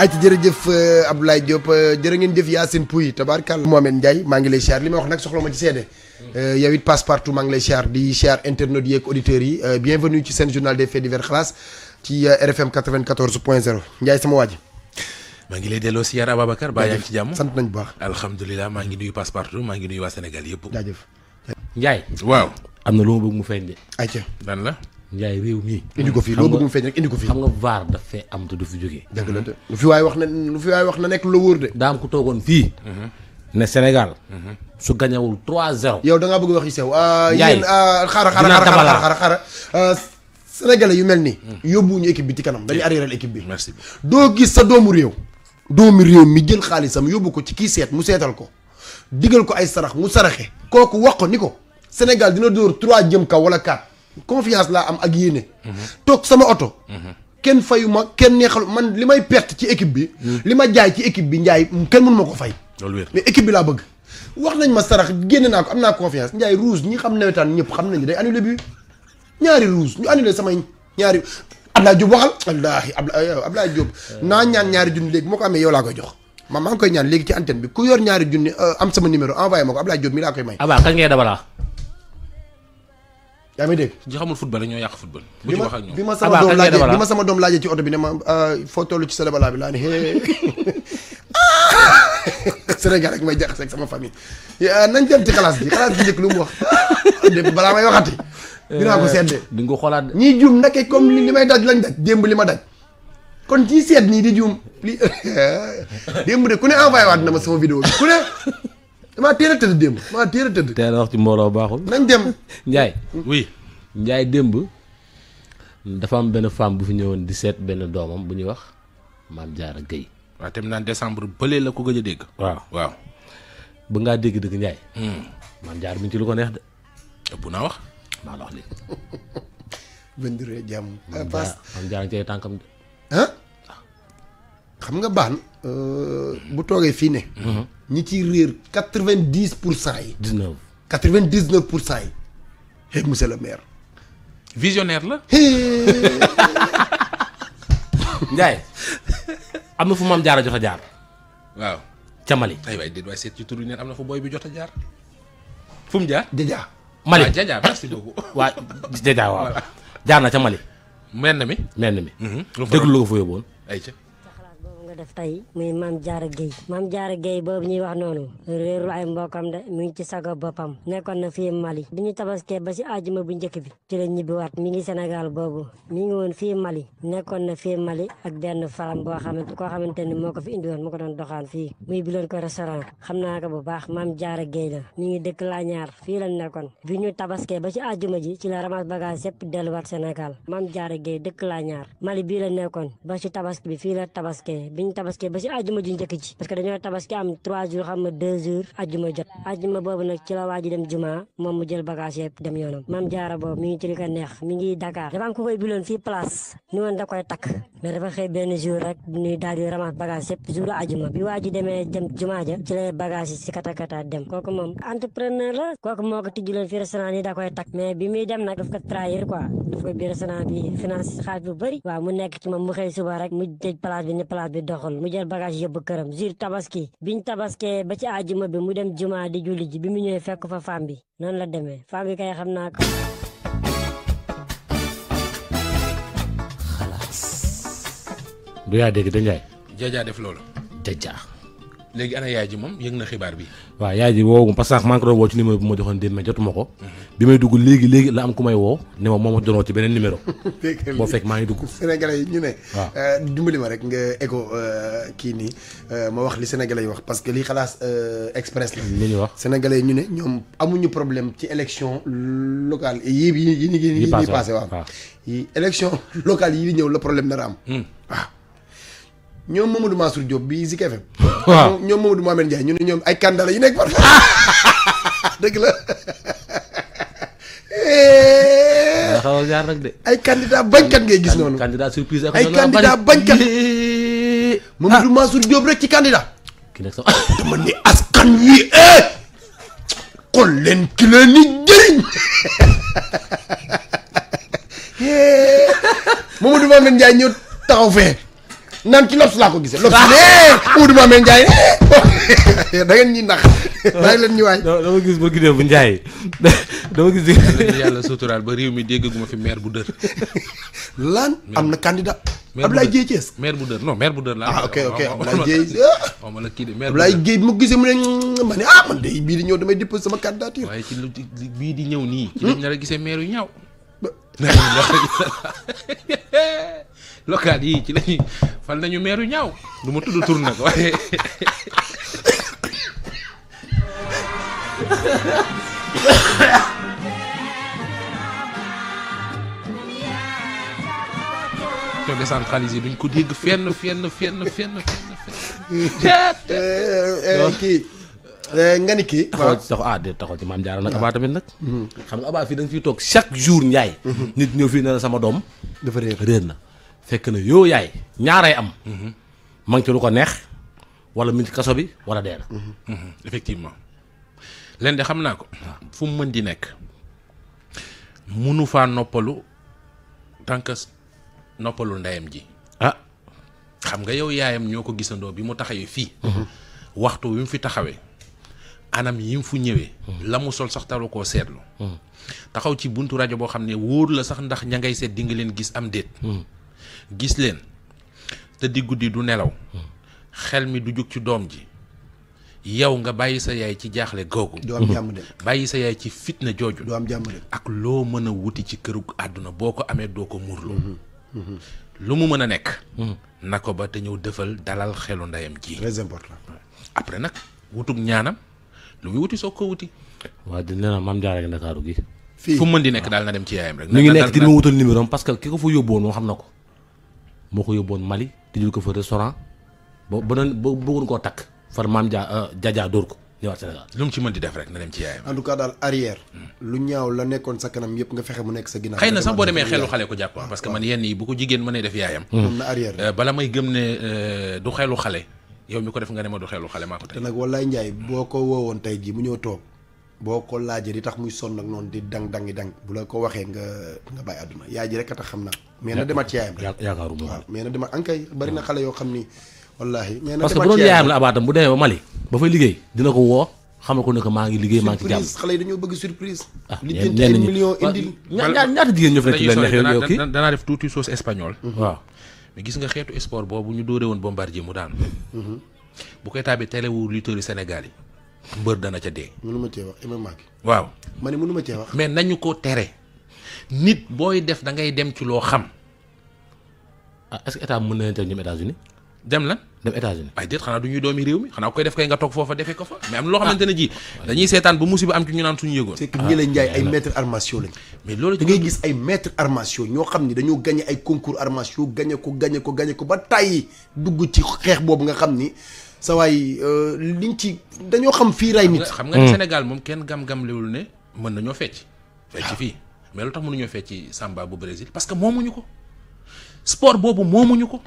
ay ci jërëjëf euh, Abdoulaye Diop euh, jërë ngeen jëf Yacine Pouy tabarkal momen ndjay maa ngi lay siyaar li ma wax nak soxlo ma ci cede euh, yow it passe partout maa ngi lay siyaar di siyaar internet yi ak auditeurs yi bienvenue ci sen journal des faits divers classe ci RFM 94.0 ndjay sama waa ji ngi lay delloo siyaar ababakar ba yaa ci jamm sant nañ bu baax alhamdoulillah maa ngi nuyu passe partout maa ngi nuyu wa senegal yëpp ndjay Ndiaye amna lu mu bëgg mu feeñ ay ci dan la Ndiaye réew mi. indi ko fii loo bëgg mu feeñ rek indi ko fii. xam nga vaar daf fee am te du fi jógee. dëgg la lu fi waay wax na lu fi wax na nekk lu wóor de. daam ku toogoon fii. Mhm. ne senegal mhm. su gañawul trois 0 yow da ngaa bëgg wax yi sew. Ndiaye xaaral xaaral xaaral yu mel nii. Mm. yóbbuwuñu équipe bi ci kanam dañuy arriéral équipe bi. merci doo gis sa doomu réew. doomu réew mi jël xaalisam yóbbu ko ci kii seet mu seetal ko digal ko ay sarax mu saraxe. kooku wax ko ni ko Sénégal dina dóor 3 jëm kaw wala 4 confiance laa am ak yéene. toog sama oto. kenn fayu ma kenn neexal man li may perte ci équipe bi. Hmm. li ma jaay ci équipe bi njaay kenn mënu ma ko fay. loolu wér mais équipe bi laa bëgg. wax nañ ma sarax génne naa ko am naa confiance njaay rouge ñi xam nawetaan ñëpp xam nañu day annulé bi ñaari rouge ñu annulé samay ñaari Abdoulaye Diop waxal Abdoulaye euh, Abdoulaye Diop euh. naa ñaan ñaari junni léegi moo ko amee yow laa koy jox. ma maa ngi koy ñaan léegi ci antenne bi ku yor ñaari euh, am sama numéro envoyé ma ko Abdoulaye Diop mi laa koy may. abaa kañ ngay yaa ngi dégg ñi xamul football la ñoo yàq football bu ci wax ak ñoom bi ma sama doom laajee bi ma sama doom laajee ci oto bi ne ma euh, foo toll ci Sénégal bi laa ne hee Sénégal rek may jaxase ak sama famille euh, nañ dem ci xalaas bi xalaas bi njëkk lu mu wax balaa may waxati dinaa ko seddee euh, di nga xoolaat ñii juum ndake comme li may daj lañ daj démb li ma daj kon ci seet nii di juum li démb de ku ne envoyé waat na ma sama vidéo bi ku ne damaa teel a tëdd démb damaa wax ci mbooloo baaxul. nañ dem Ndiaye. oui Ndiaye démb. dafa am benn femme bu fi ñëwoon di seet benn doomam bu ñuy wax maam Jaara Gueye. waaw tamit naan décembre bële la ko gëj a dégg. waaw waaw. ba ngaa dégg dëgg Ndiaye. maam Jaara mi ci lu ko neex de. ëpp naa wax. maa maam Jaara maam Jaara cay tànkam de. xam nga baax baan euh, bu toogee fii ne. Mhm. ñi ci réer quatre vingt dix pour cent yi. dix neuf quatre vingt dix pour cent yi. Eh, le maire. visionnaire la. Eh. Ndiaye am na fu maam a jot a jaar. waaw ca Mali. aywa déedéet waay seet ci tur na fu booy bi jot a jaar. fu mu jaar Jaja. Ah, na ca Mali. menn mi menn mi. Mhm. déglu la ko fa yóbboon. ayca. ko def tey muy maam Diarra Guèye maam Diarra Guèye boobu ñuy wax noonu réerul ay mbokkam de mi ngi ci sago boppam nekkoon na fii Mali bi ñu tabaskee ba si àjjuma bu njëkk bi ci la ñibbiwaat mi ngi Sénégal boobu mi ngi woon fii Mali nekkoon na fii Mali ak benn faram boo xamante koo xamante ni moo ko fi indiwoon mu ko doon doxaan fii muy bi loon ko restaurant xam naa ko bu baax maam Diarra Guèye la mu ngi dëkk Laañaar fii la nekkoon bi ñu tabaskee ba si àjjuma ji ci la ramas bagage yëpp delluwaat Sénégal maam Diarra Guèye dëkk Laañaar Mali bii la la tabaskee biñ tabaské ba ci aljuma juñ jëk ci parce que dañu tabaské am 3 jours xam 2 jours aljuma jot aljuma bobu nak ci la waji dem juma mom mu jël bagage yépp dem yoonam mam jaara bobu mi ngi ci lika neex mi ngi dakar dafa am ku koy bilon fi place ni won da koy tak mais dafa xey ben jour rek ni daal di ramass bagage yépp jour aljuma bi waji démé dem juma ja ci lay bagage ci kata kata dem koku mom entrepreneur la koku moko tijjulen fi restaurant ni da koy tak mais bi mi dem nak daf ko trahir quoi daf ko bi restaurant bi finance xaar bu bari wa mu nekk ci mom mu xey suba rek mu tej place bi ni place bi doxal mu jël bagage yóbbu këram jur tabaski biñ tabaskee ba ci àjjuma bi mu dem juma di julli ji bi mu ñëwee fekk fa femme bi la demee femme kay xam naa ko. xalaas. du yaa dégg da jajaa def loolu. jajaa. léegi ana yaay ji moom yëg na xibaar bi. waaw yaay ji woo ma parce que maa ngi ko doon woo ci numéro bi ma joxoon démb mais jotuma ko. bi may dugg léegi léegi la am ku may woo ne moom ma doon ci beneen maa ngi dugg. Sénégalais yi ñu ne. waaw euh, dimbali rek nga écho euh, kii nii euh, ma wax li Sénégalais yi wax parce que lii xalaas express la. li ñu wax Sénégalais ñu ne ñoom amuñu problème ci élection locale yii yi yi yi yi passé waaw yi élection locale yi di ñëw la problème nar am. Hmm. ñoom Mamadou bi Zik FM waaw ñoom Mamadou Mohamed Ndiaye ñu ñoom ay candidat yi nekk par dëgg la. xaw a de. ay candidat bañkat ngay gis noonu. candidat surprise ak ay candidat bañkat. Mamadou ah. Mansour Diop rek ci candidat. ki nekk sax ni askan wi eh. xool leen ki leen ni jëriñ. Eh! Mamadou Mohamed Ndiaye ñëw taxaw fee. naan ci lobs laa ko gisee. lobs nee Oudou Mame Ndiaye eh. da ngeen ñuy nax bàyyi leen ñu waay. dama gis ba bu Ndiaye dama gis. yàlla suturaal ba réew mi déggaguma fi maire bu dër. lan am na candidat. Abdoulaye Dieye Thiès maire bu dër no maire bu dër la ah ok ok Abdoulaye laay waaw ma la mu gisee mu ne ma ne ah man de bii di ñëw damay déposé sama candidature. waaye ci lu bii di ñëw nii. ci hmm? lañ nar a gisee maire yu ñaaw. locales yi ci lañuy fal nañu maire ñaaw du ma tudd tur nag waaye. te décentralisé duñ ko dégg fenn fenn fenn fenn fenn. Eh, eh, kii. Eh, nga ni kii. taxaw taxaw ah déet taxaw ci maam Diarra nag abaa nag. Hmm. xam nga abaa fii da nga fiy toog chaque jour Ndiaye. Hmm. nit ñëw fii ne sama doom. dafa réer réer na. fekk na yoo yaay ñaaray am. ma ngi ko neex wala mi kaso bi wala dee na. Mhm. effectivement leen de xam naa ko. fu mu mën di nekk munu faa noppalu tant que noppalu ndeyam ji. ah xam nga yow yaayam ñoo ko gisandoo bi mu taxawee fii. Mhm. waxtu wi mu fi taxawee. anam yi mu fu ñëwee. Mhm. la mu sol sax taru koo seetlu. taxaw ci buntu rajo boo xam ne wóor la sax ndax ña ngay seet di nga leen gis am déet. gis leen te di guddi du nelaw xel mi du jug ci doom ji yow nga bàyyi sa yaay ci jaaxle googu. du am jàmm bàyyi sa yaay ci fitna jooju. du am jàmm ak loo mën a wuti ci këru àdduna boo ko amee doo ko muurloo. Mm-hmm. Mm-hmm. lu mu mën a nekk. Mm-hmm. na ko ba te ñëw defal dalal xelu ndeyam ji. après nag wutug ñaanam lu muy wuti soog ko wuti. waa di nee na maam ndakaaru gi. fu mën di nekk daal na dem ci yaayam rek. na ngi nekk dina wutal numéro parce que ki ko fa yóbbuwoon moom xam na ko. moo ko yóbboon Mali tijjul ko fa restaurant ba ba doon ba bëggoon koo takk far maam euh, Dia Dia dóor ko ñëwaat Sénégal. lu mu ci mën di def rek na dem ci yaayam. en tout cas daal arrière. lu ñaaw la nekkoon sa kanam yëpp nga fexe mu nekk sa ginnaaw. xëy na sax boo demee xelu xale ko jàpp parce que man yenn yi bu ko jigéen mënee def yaayam. am na arrière euh, bala may gëm ne euh, du xelu xale yow mi ko def nga ne ma du xelu xale maa ko tey. te nag wallaay Ndiaye boo ko woowoon tey jii mu ñëw toog boko laaje di tax muy son nak non di dang dangi dang bu la ko waxe nga nga bay aduna yaay ji rek a tax xam naa mais na demat ci yaayam rek yaakaaruma waaw mais na demat ankay bari na xale yoo xam ni wallahi mais na parce que bu doon yaam la abadam bu dewe ba Mali ba fay liggey dina ko wo xam ko ne ko maangi liggey liggéey maa ci yi bëgg surprise ah 10 millions million ñaar ñaar jigéen ñoo fi ci la xew yo ki dana def tout sauce espagnol waaw mais gis nga xeetu sport bobu ñu doore won bombardier mu daan mhm. bu koy tabé télé wu lutteur yi Sénégal yi mbër dana ca dee. mënuma cee wax MMA gi. waaw ma ne mënuma cee wax. mais nañu ko tere nit booy def da ngay dem ci loo xam. ah est-ce que état mën na leen dem États-Unis dem lan dem États-Unis waaye déet xanaa du ñuy doomi def kay nga toog foofa defee ko fa mais am na loo ah. xamante ne ji dañuy seetaan ba musiba am ci ñu naan suñu yëgoon ah, ay maître armation lañ mais loolu da ngay gis ay maître armation ñoo xam ni dañoo gagné ay concours armation gagné ko gagné ko gagné ko ba tàyyi dugg ci xeex boobu nga xam ni sa waay euh, liñ ci dañoo xam fii rey nit. xam nga hmm. Sénégal moom kenn gam-gam liwul ne mën nañoo fecc. fecc ah. fii mais lu tax mënuñoo fecc samba bu Brésil parce que moomuñu ko sport boobu moomuñu ko.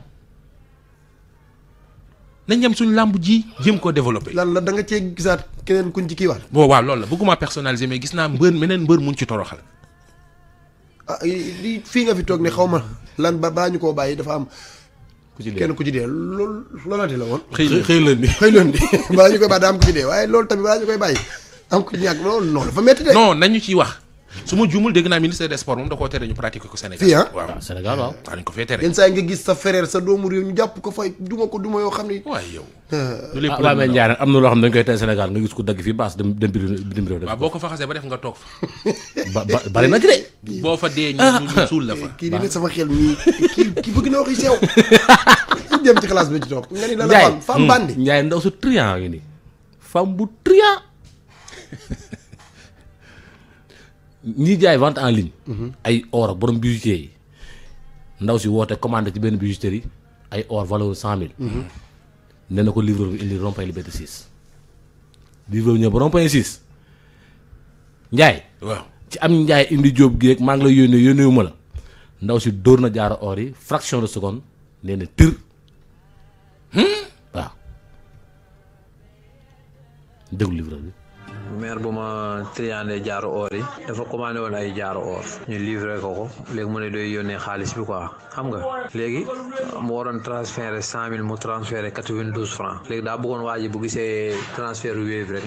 nañ dem suñu làmb ji jéem ko développé. lan la da nga cee gisaat keneen kuñ ci kii waat. bon waaw loolu la bëgguma personnalisé mais gis naa mbër meneen mbër muñ ci toroxal. ah fii nga fi toog ni xaw ma lan ba baa ñu koo bàyyi dafa am. ku ci dee kenn ku ci dee loolu loolante la woon. xëy na xëy lëndi xëy lëndi balaa ñu koy bàyyi daa am ku ci dee waaye loolu tamit balaa ñu koy bàyyi am ku ci ñàkk loolu noonu dafa métti de. non nañu ci wax. su jumul juumul dégg naa des sports mom da koo tere ñu pratiquer ko Sénégal. Ah? wa ah, Sénégal wa dañ ko fé téré yenn nga gis sa frère sa doomu réew ñu japp ko fay duma ko duma yo xamni wa yow. Ah. lu lepp la mais jaar amna lo xamni dañ koy téré Sénégal nga gis ko dag fi bass dem dem bi dem réew. waaw boo ko fa xasee ba def nga tok fa. ba ba bari na ci de. fa dé ñu sul la fa. ki di ne sama xel mi ki ki bëgg na wax si yow. dem ci classe bi ci tok nga ni la la fam bandi. ñay hmm. ndaw su triant ngi ni fam bu triant ñiy jaay vente en ligne. Mhm. ay or ak borom bijoutier yi ndaw si woote commande ci benn yi ay or valeur cent mille. Mhm. nee na ko livreur bi indi rond-point Liberté 6. livreur bi ñëw ba rond-point 6 Ndiaye. waaw ci am Ndiaye indi jóob gi rek maa ngi la yónnee yónneewu ma la ndaw si dóor na jaara or yi fraction de seconde nee na tër. Hmm? waaw déglu livreur bi. maire bu ma triandé jaaro or yi dafa commandé woon ay jaaro or ñu ko ko léegi mu ne doy yónnee xaalis bi quoi xam nga léegi mu waroon transféré cent mille mu transféré quatre-vingt-douze francs léegi daa bëggoon waa ji bu gisee transfert Wave rek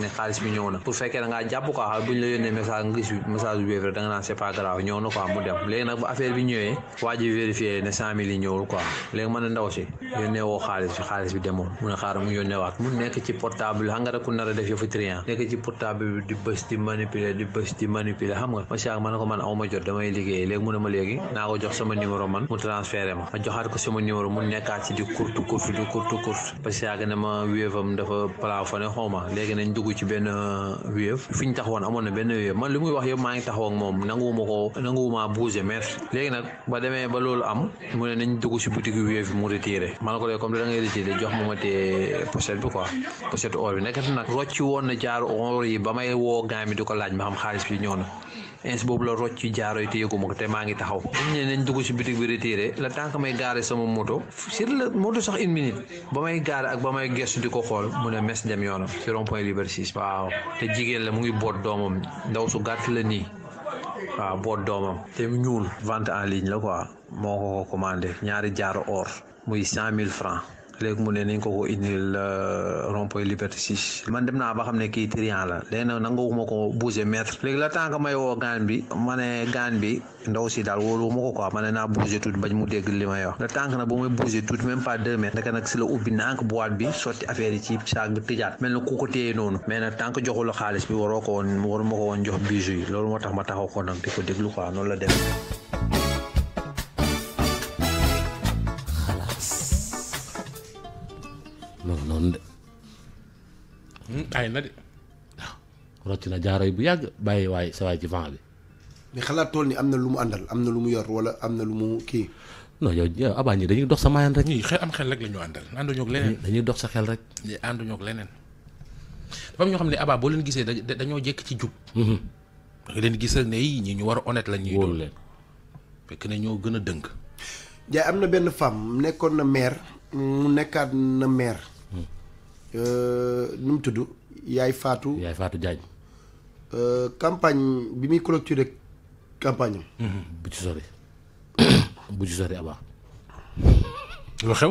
fekkee da ngaa jàpp quoi bu ñu la yónnee message nga gis message Wave rek da nga naan c'est pas grave ñëw na quoi mu dem léegi nag bu affaire bi ñëwee waa ji ne cent mille yi ñëwul quoi léegi man ne ndaw si yónnee woo xaalis bi demoon mu ne xaaral mu yónnee waat mu nekk ci portable xam nga rek ku nar a def yëfu trian nekk ci portable bi di bus di manipuler di bus di mani xam nga ma siak man ko man awma jot damay liggéey leg mu ne ma léegi na ko jox sama numéro man mu transféré ma ma ko sama numéro mu nekkaat ci di courte courte di courte courte parce que yàgg na ma wéefam dafa plafonné homa léegi nañ dugg ci benn euh, wéef fi ñu taxawoon amoon na benn wéef man li muy wax yëpp maa ngi taxaw ak moom nanguwuma ko nanguwuma bouger mètre léegi nag ba demee ba loolu am mu ne nañ dugg ci boutique wéef mu retiré man ko comme da ngay retiré jox ma pochette bi quoi pochette or bi nekkat rocci na jaar or yi ba may woo gaa mi di ko laaj ma xam xaalis bi ñëw na ins boobu la rocc ci jaaro yi te yëguma ko te maa ngi taxaw ñu ne nañ dugg si bitig bi retiré la tànk may gaare sama moto sur sax une minute ba may gaare ak ba may gestu di ko xool mu ne mes dem yoonam si rond point Liberté 6 waaw te jigéen la mu ngi boot doomam ndaw su gàtt la nii waaw boot doomam te mu ñuul vente en ligne la quoi moo ko ko commandé ñaari jaaro or muy cent mille francs léegi mu ne nañ ko ko indil euh, rond-point Liberté 6 man dem naa ba xam ne kii trian la léegi nag nanguwuma ko bouger mètre léegi la tant que may woo gaan bi ma ne gaan bi ndaw si daal wóolu ma ko quoi ma ne naa mu dégg li may wax la tant na nag bu may bouger tuuti même pas deux mètres ndeke nag si la ubbi nànk boîte bi sotti affaire ci saag tëjaat mel na ku ko téye noonu mais nag tant que joxu xaalis bi waroo ko woon waru ma ko woon jox bijou yi loolu moo tax ma taxaw ko nag di ko déglu quoi noonu la dem ma nga noonu de. Hmm, ay na de. waaw ah, rocc na jaaro yi bu yàgg bàyyi waaye sa waay ci vent bi. mais xalaat tool ni am na lu mu àndal am na lu mu yor wala am na lu mu kii. non yow yow abaa ñi dañuy dox sa maayaan rek. ñii xel am xel rek la ñu àndal ànduñu ak leneen. dañuy dox sa xel rek. leneen. dafa am ñoo xam ne abaa boo leen gisee dañoo jekk ci jub. Mm-hmm. da leen gis rek ne yii ñi ñu war a honnête la ñuy. wóolu leen fekk na ñoo gën a dëng. jaay am na benn femme nekkoon na maire. mu nekkaat na maire. Euh, nu mu tudd Yaay Fatou. Yaay Fatou Diagne. Euh, campagne bi muy clôturer campagne am. Mhm. bu ci sori bu ci sori abaa. lu xew.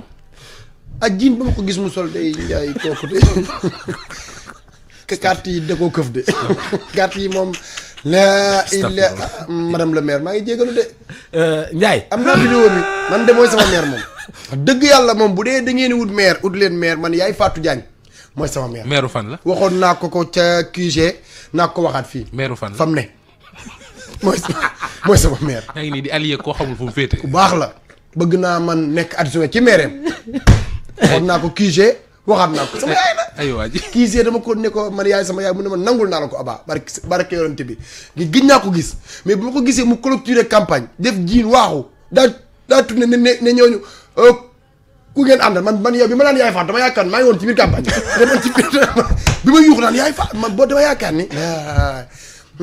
ak jiin ba ma ko gis mu sol day njaay kooku de carte yi da këf de carte yi moom. la il madame le maire maa ngi jégalu de. Euh, Ndiaye. am naa vidéo bi man de mooy sama maire moom. dëgg yàlla moom bu dee da ngeen wut maire ut leen maire man yaay Fatou Diagne mooy sama maire. maire fan la. waxoon naa ko ko ca QG naa ko waxaat fii. maire fan la fam ne mooy mooy sama maire. yaa ngi nii di allié koo xamul baax la bëgg naa man nekk adjoint ci maire am naa ko QG waxaat naa ko sama yaay la. dama ko ne ko man yaay sama yaay mu ne ma nangul naa la ko Aba barke barke yorante bi gis naa ko gis mais bu ma ko gisee mu clôturer campagne def jiin waaxu daa daa ne ne ñooñu. Oh, ku ngeen àndal man man yow bi ma naan yaay faat dama yaakaar maa ngi woon ci biir campagne bi ma yuux naan yaay faat man boo dama yaakaar ni.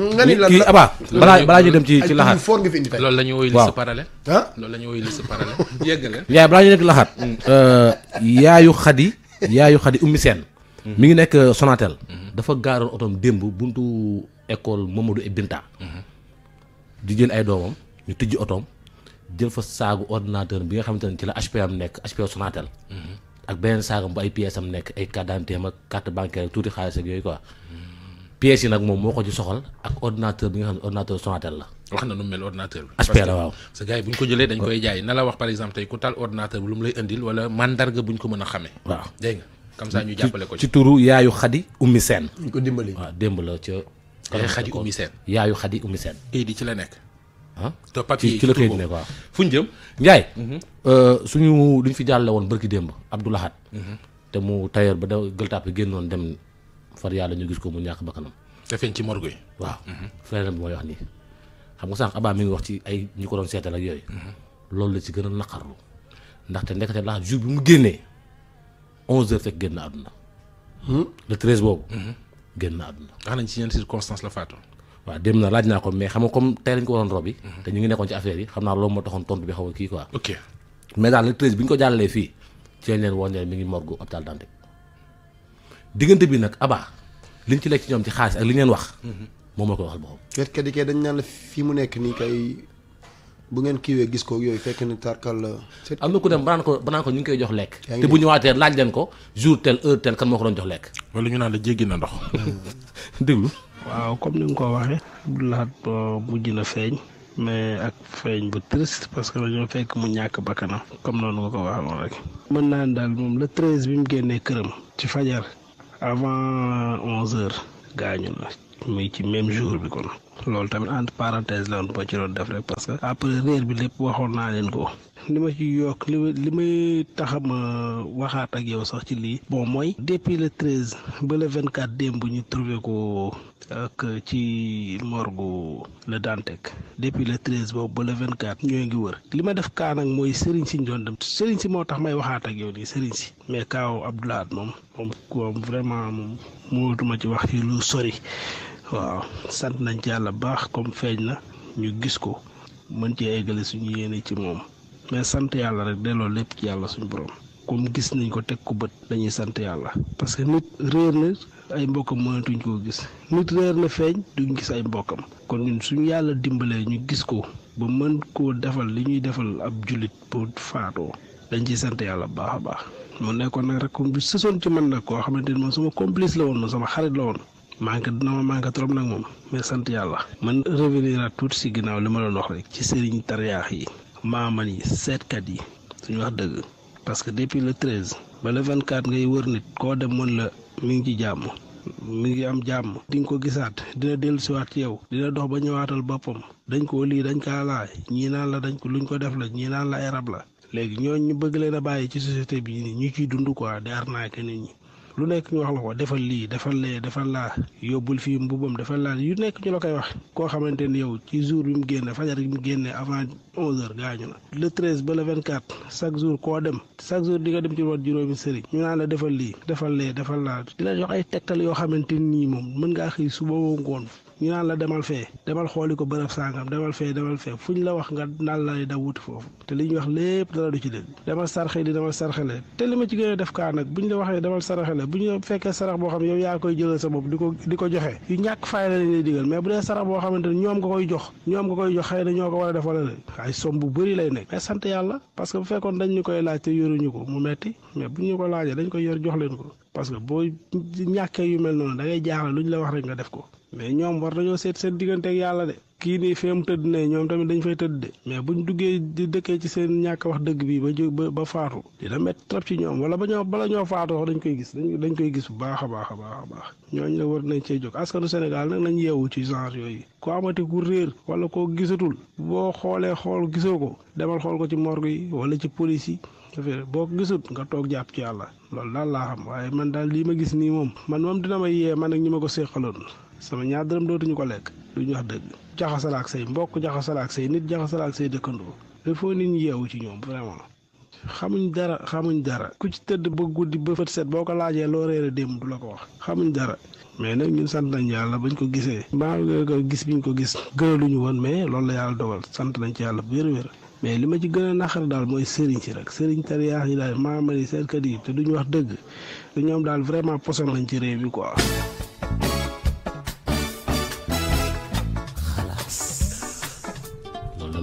nga ni lan la kii Aba. balaa balaa ñu dem ci ci laxaat foor nga fi indi loolu la ñu woy liste parallèle. ah loolu la ñu woy liste parallèle yeggale. yaay balaa ñu nekk laxaat. yaayu xadi. yaayu xadi ummi seen. mi ngi nekk euh, Sonatel. Hmm. dafa gaaroon otoom démb buntu école Mamadou Ebinta. Hmm. di jël ay doomam ñu tijji otoom. jël fa saagu ordinateur bi nga xamante ci la HP am nekk HP Sonatel. Mhm. ak benen saagu bu ay PS am nek ay carte d'identité ak carte bancaire ak xaliss ak yoy quoi. PS yi nak mom moko ci soxal ak ordinateur bi nga xam ordinateur Sonatel la. wax na nu mel ordinateur bi. HP la waaw parce que gars yi bu ñu ko jëlé dañ koy jaay nala wax par exemple tay ku tal ordinateur bi lum lay andil wala mandarga buñ ko mëna xamé waaw dégg nga comme ça ñu jappalé ko ci turu yaayu khadi ummi ñu ko dimbali waaw demb la ci ummi yaayu khadi ummi seen. di ci la nek ah te ci la xëy ne fu ñu jëm Ndiaye mhm. euh, suñu lu ñu fi jàlle woon bërki démb Abdou Lahad mhm. te mu tailleur ba da gëltaap yi génnoon dem far yàlla ñu gis ko mu ñàkk bakkanam te feeñ ci morgue yi waaw mhm. frère bi mooy wax nii xam nga sànq abaa mi ngi wax ci ay ñu ko doon seetal ak yooyu loolu la ci gën a naqarlu ndaxte ndekete Lahad jour bi mu génnee onze heures fekk génn àdduna hmm? le treize boobu génn àdduna wax nañ ci ñeenti circonstance la faatoon waaw dem na laaj naa ko mais xam nga comme tey lañ ko waroon robi te ñu ngi nekkoon ci affaire yi xam naa loolu moo taxoon tontu bi xaw a kii quoi ok mais daal le treize bi ñu ko jàllalee fii ci lekk ñoom ci xaalis ak li ñu wax moo koy waxal boppam fekkat yi fii mu nekk nii kay bu ngeen kiiwee gis ko yooyu fekk ni tarkal la euh, am na ku dem banaan ko banaan ko ñu ngi koy jox lekk te bu ñëwaatee laaj leen ko jour tel heure tel kan moo ko doon jox lekk wala ñu naan la jéggi na ndox déglu waaw comme ni nga ko waxee Abdou Lahad mujj na feeñ mais ak feeñ bu triste parce que dañoo fekk mu ñàkk bakkanam comme noonu nga ko waxoon rek. mën naa daal moom la treize bi mu génnee këram ci fajar avant onze heures gaañu na muy ci même jour bi kon loolu tamit entre parenthèse la woon boo ci loolu def rek parce que après réer bi lépp waxoon naa leen ko. li ma ci yokk li li may taxama waxaat ak yow sax ci lii bon mooy depuis le treize ba le vingt quatre démb ñu trouvé ko ak ci morgu le dantek depuis le treize boobu ba le vingt quatre ñoo ngi wër li ma def kaa nag mooy sëriñ si ñoon dem sëriñ si moo tax may waxaat ak yow nii sëriñ si mais kaaw Abdoulaat moom moom moom vraiment moom mënatuma ci wax ci lu sori waaw sant nañ ci yàlla baax comme feeñ na ñu gis ko mën cee eggale suñu yéene ci moom mais sant yàlla rek delloo lépp yàlla suñu borom comme gis nañ ko teg ko bët dañuy sant yàlla parce que nit réer na ay mbokkam mënatuñu koo gis nit réer na feeñ duñ gis ay mbokkam kon suñu yàlla dimbalee ñu gis ko ba mën koo defal li ñuy defal ab jullit bu faatoo dañ ci sant yàlla bu baax a baax mu nekkoon nag rek comme bi sësoon ci mën nag koo xamante ni moom sama complice la woon moom sama xarit la woon manqué dina ma manqué nag moom mais sant yàlla. man revenir à tuuti si ginnaaw li ma doon wax rek ci sëriñ tariyaax yi maaman yi seetkat yi suñu wax dëgg parce que depuis le treize ba le vingt quatre ngay wër nit koo dem mën la mi ngi ci jàmm mi ngi am jàmm di nga ko gisaat dina dellusiwaat ci yow dina dox ba ñëwaatal boppam dañ ko lii dañ kaa laay ñii naan la dañ ko luñ ko def la ñii naan la ay rab la léegi ñoo ñu bëgg leen a bàyyi ci société bi ñu ciy dund quoi di arnaquer nit ñi. lu nekk ñu wax la ko defal lii defal lee defal laa yóbbul fii mbubam defal laa yu nekk ñu la koy wax koo xamante ni yow ci jour bi mu génne fajar bi mu génne avant onze heures gaañu na le treize ba le vingt quatre chaque jour koo dem chaque jour di nga dem ci wat juróomi sëriñ ñu naan la defal lii defal lee defal laa la jox ay tegtal yoo xamante nii moom mën ngaa xëy suba woo ngoon ñu naan la demal fee demal xooli ko bërëb sàngam demal fee demal fee fuñ la wax nga naan la daw wuti foofu te li ñu wax lépp dara ci dëgg demal sarxe di demal sarxele te li ma ci gën a def kaa nag buñ la waxee demal bu ñu fekkee sarax boo xam ne yow yaa koy jëlal sa bopp di ko di ko joxe yu ñàkk fay la lay digal mais bu dee sarax boo xamante ne ñoom nga koy jox ñoom nga koy jox xëy na ñoo ko war a def wala ay som bu bëri lay nekk mais sant yàlla parce que bu fekkoon dañ ñu koy laaj te yoruñu ko mu metti mais bu ñu ko laajee dañ koy yor jox leen ko parce que boo ñàkkee yu mel noonu da ngay jaaxle lu ñu la wax rek nga def ko mais ñoom war dañoo seet seen diggante ak yàlla de kii nii fi tëdd ne ñoom tamit dañ fay tëdd de mais ñu duggee di dëkkee ci seen ñàkk wax dëgg bi ba ju ba faatu dina métti trop ci ñoom wala ba ñoo bala ñoo faatu wax dañ koy gis dañ koy gis bu baax a a baax baax ñooñu la war nañ cee jóg askanu Sénégal nag nañ yeewu ci genre yooyu ku amati ku réer wala koo gisatul boo xoolee xool gisoo ko demal xool ko ci morgue yi wala ci police yi boo ko nga toog jàpp ci yàlla loolu daal laa xam waaye man daal lii ma gis nii moom man moom dina ma yee man ak ñi ma ko séqaloon sama ñaar dërëm dootuñu ko lekk lu ñu wax dëgg jaxasala ak say mbokk jaxasala ak say nit jaxasala ak say dëkkandoo il faut nit ñi yeewu ci ñoom vraiment xamuñ dara xamuñ dara ku ci tëdd ba guddi ba fët set boo ko laajee loo réer démb du la ko wax xamuñ dara mais nag ñun sant nañ yàlla bañ ko gisee maa ngi gis ñu ko gis gënaluñu woon mais loolu la yàlla dogal sant nañ ci yàlla bu wér-wér mais li ma ci gën a naqar daal mooy sëriñ si rek sëriñ tariyaax yi daal yi te duñu wax dëgg te ñoom daal vraiment poson lañ ci réew mi quoi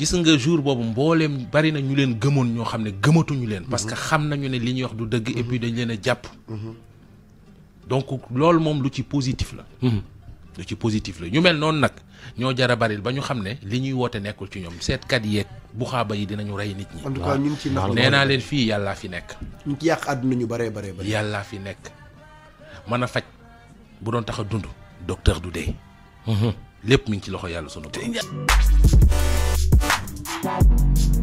gis nga jour bobu mbooleem bari na ñu leen gëmoon ño xam ne ñu leen. parce que xam nañu ne li ñuy wax du deug et puis dañ leen a jàpp. donc lool mom lu ci positif la. lu ci positif la ñu mel non nak ño jara baril ba ñu xam ne li ñuy woote nekkul ci ñoom seetkat yeeg buxaaba yi dinañu ray nit ñi. en tout cas ñun ci nax nee naa leen fi yalla fi nek ñu ci yàq àdduna ñu bare bare bare yalla fi nek mën fajj bu doon taxa dundu dund docteur du dee. Mhm. lépp mi ngi ci loxo yalla sunu borom. Thank you.